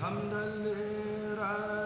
hamdalillah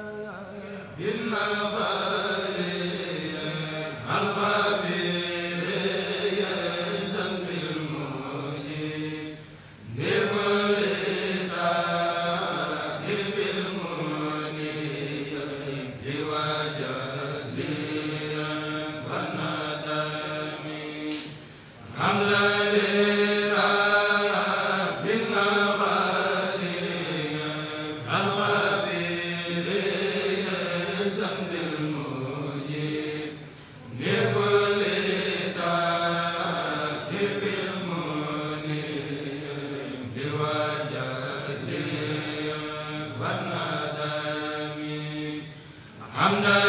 hamda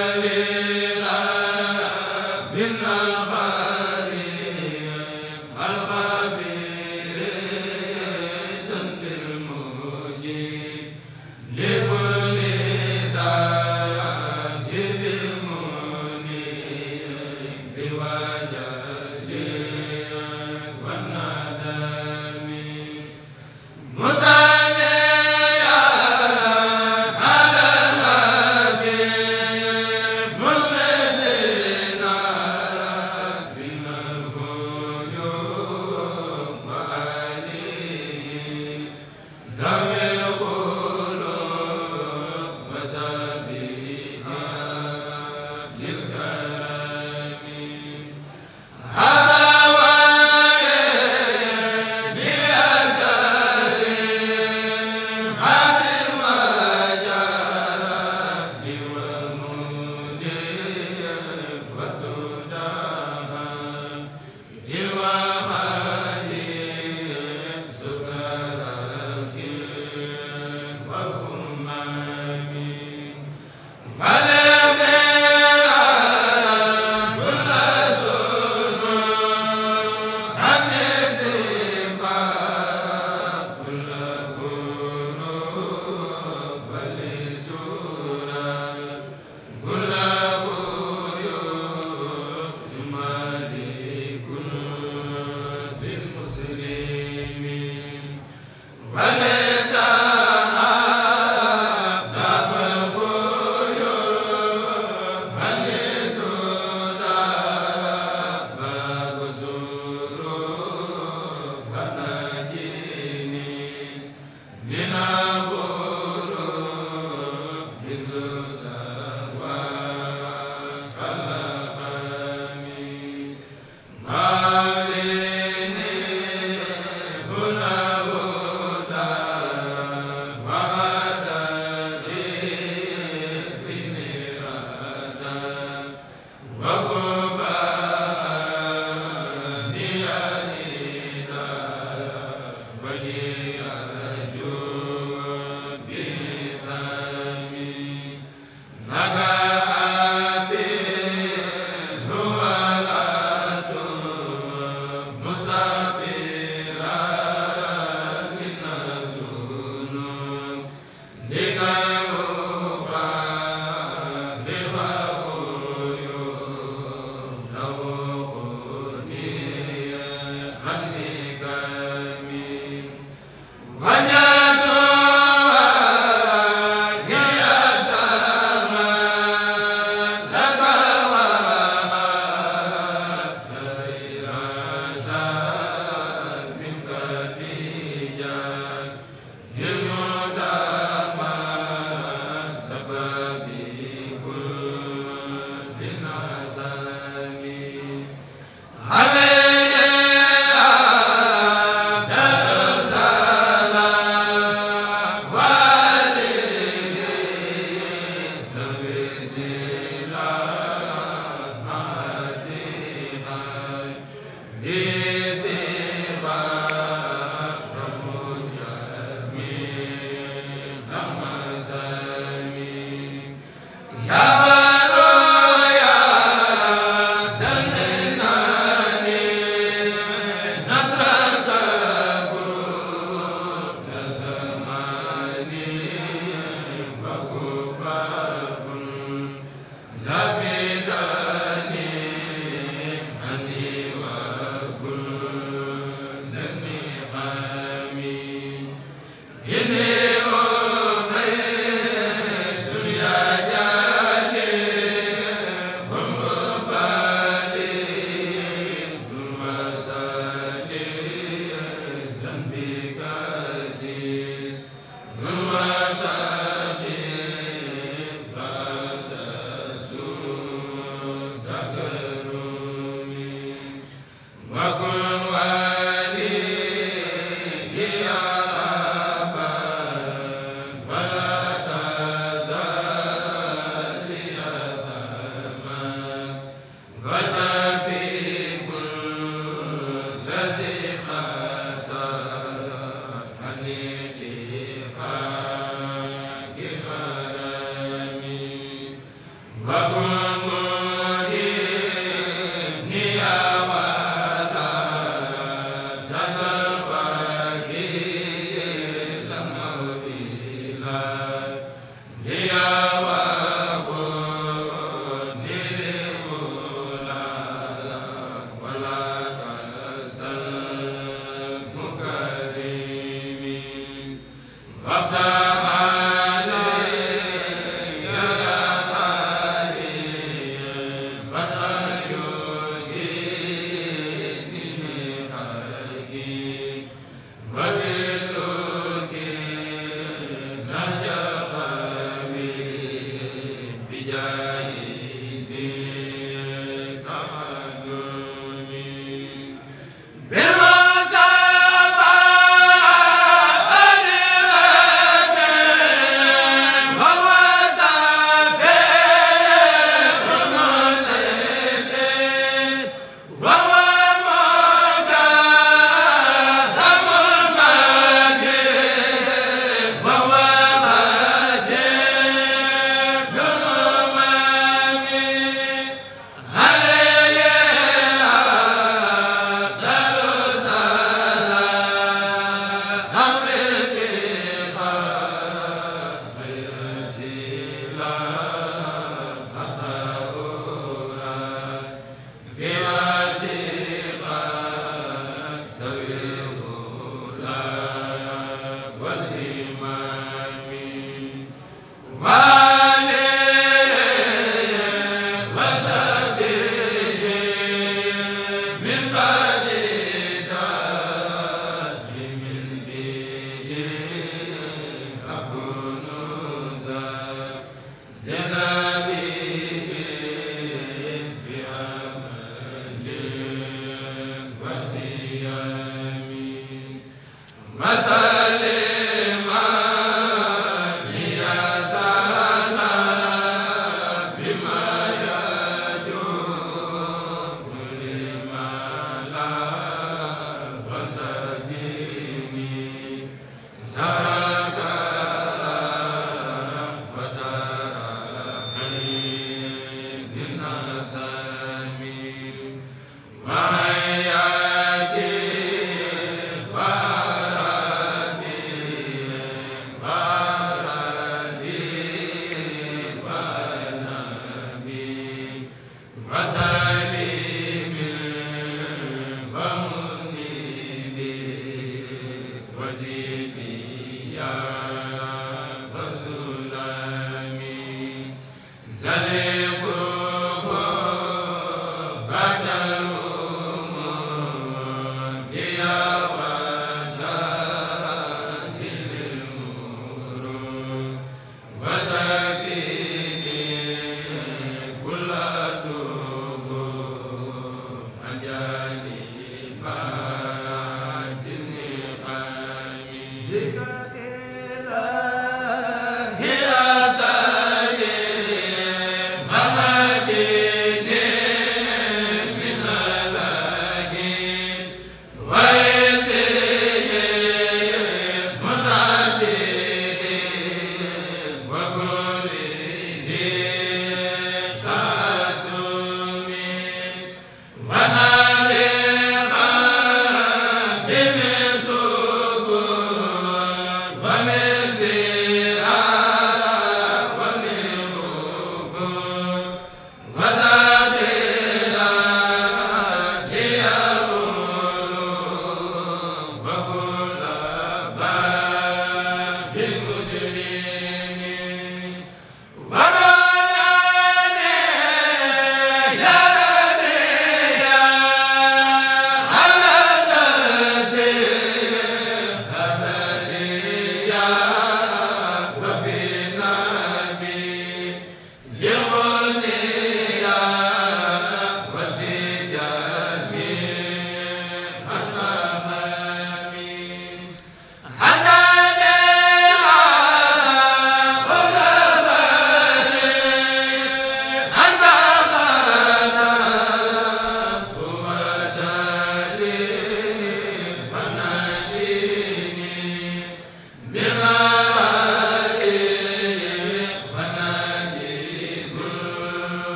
وزدني يا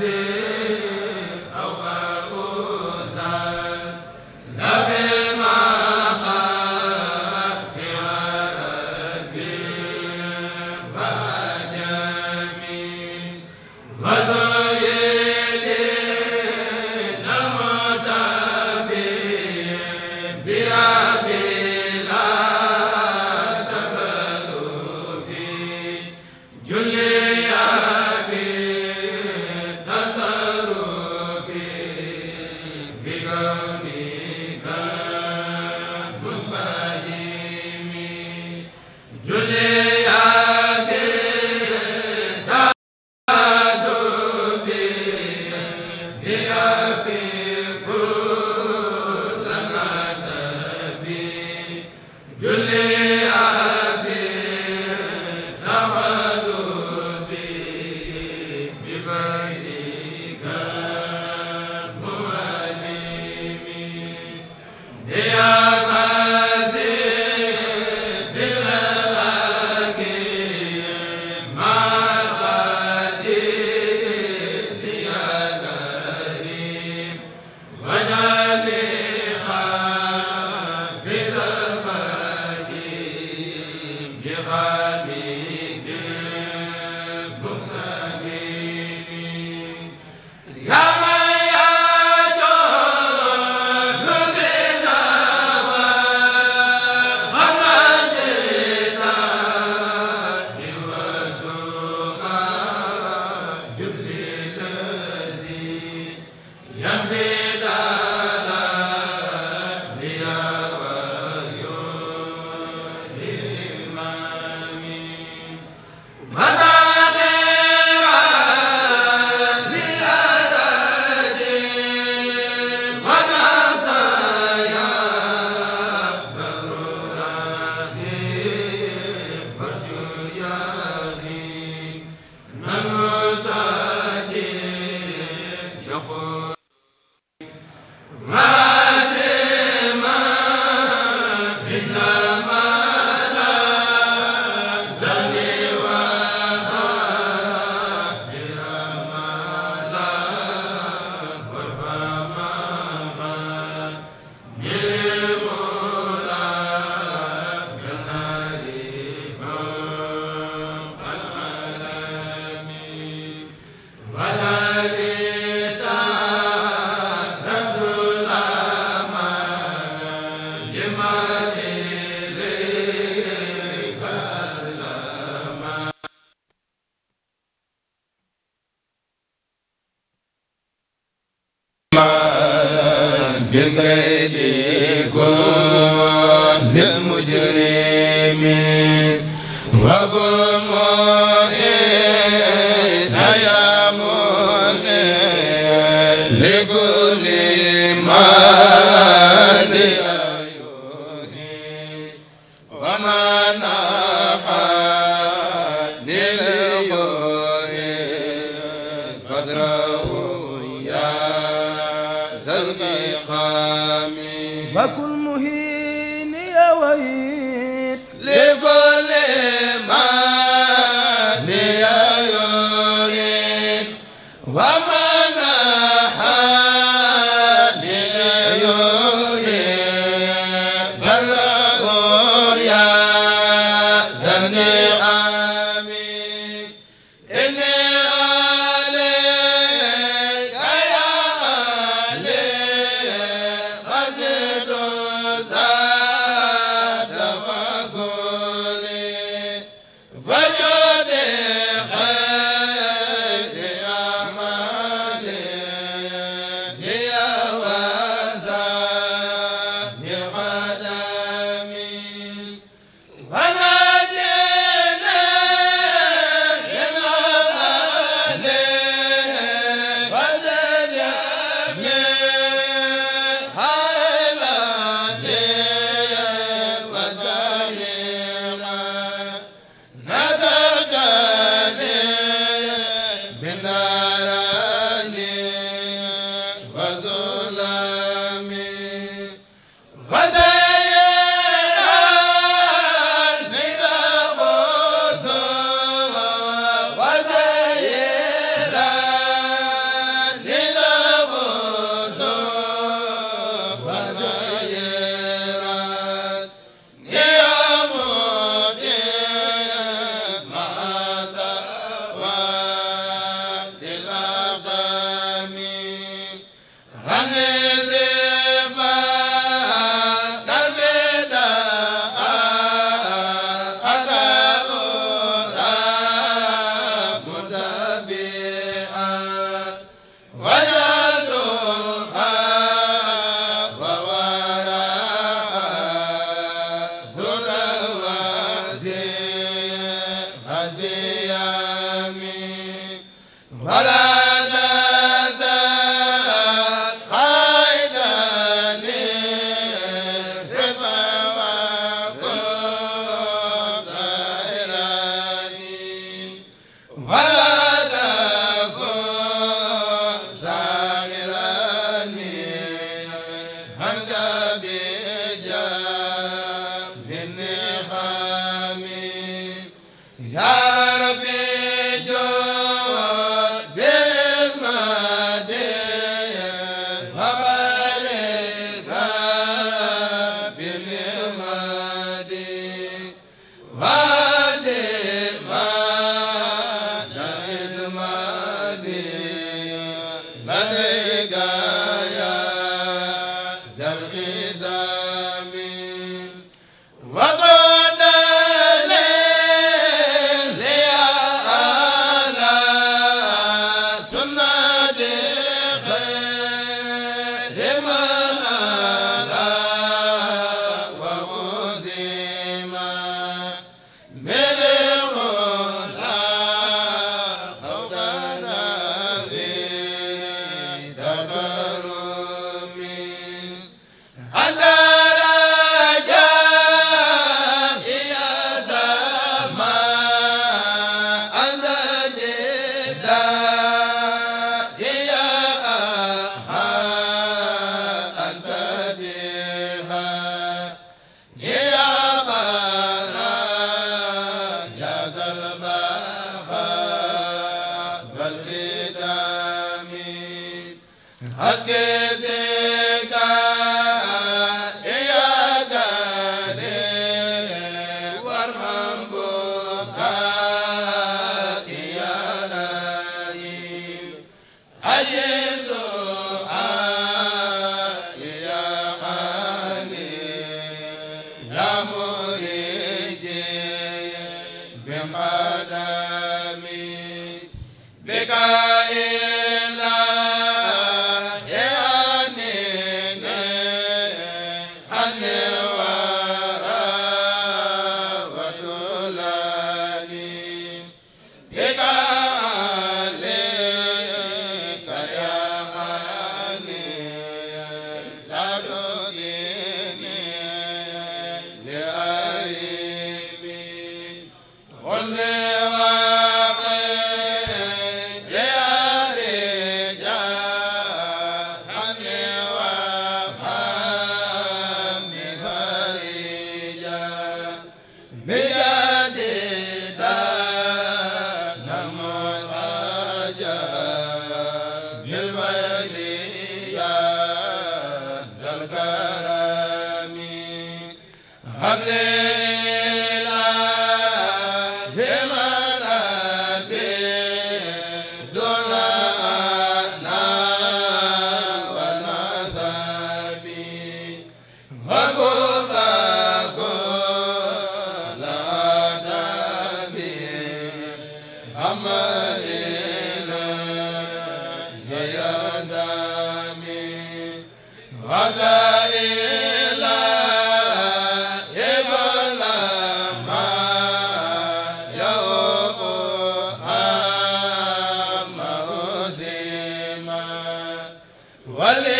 Aziz wa Amen la ma wale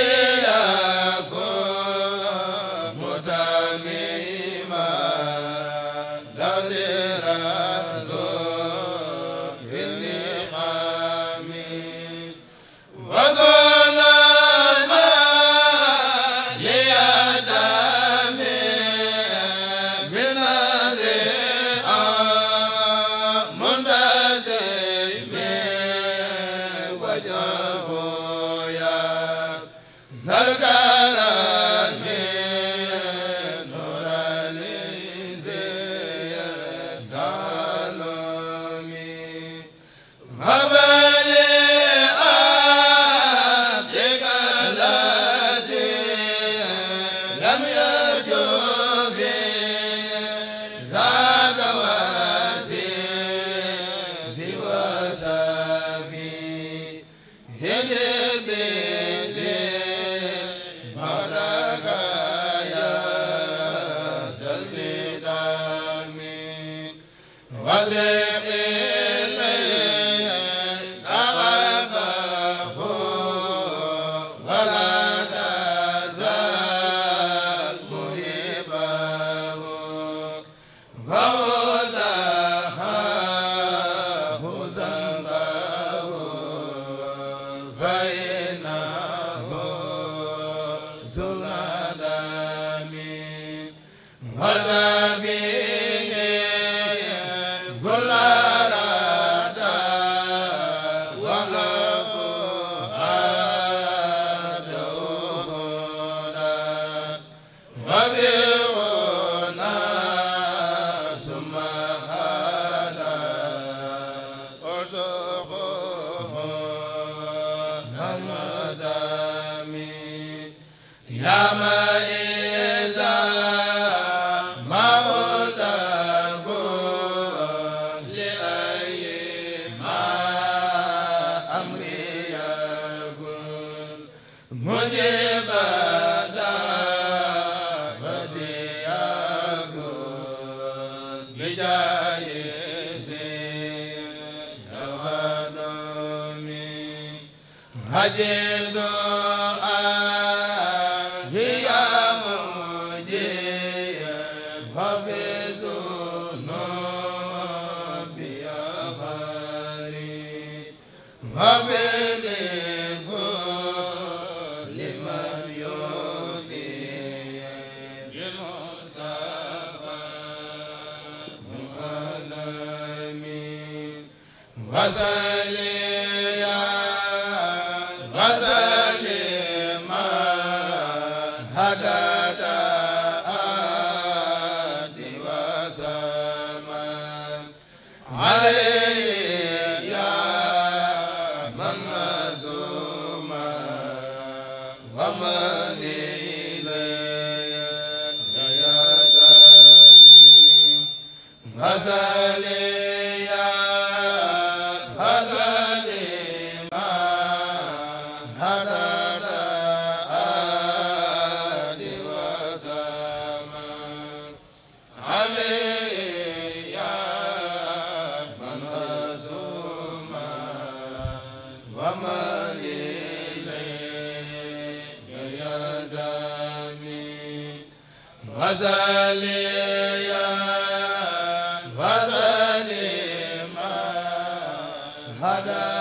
hada jaaye hada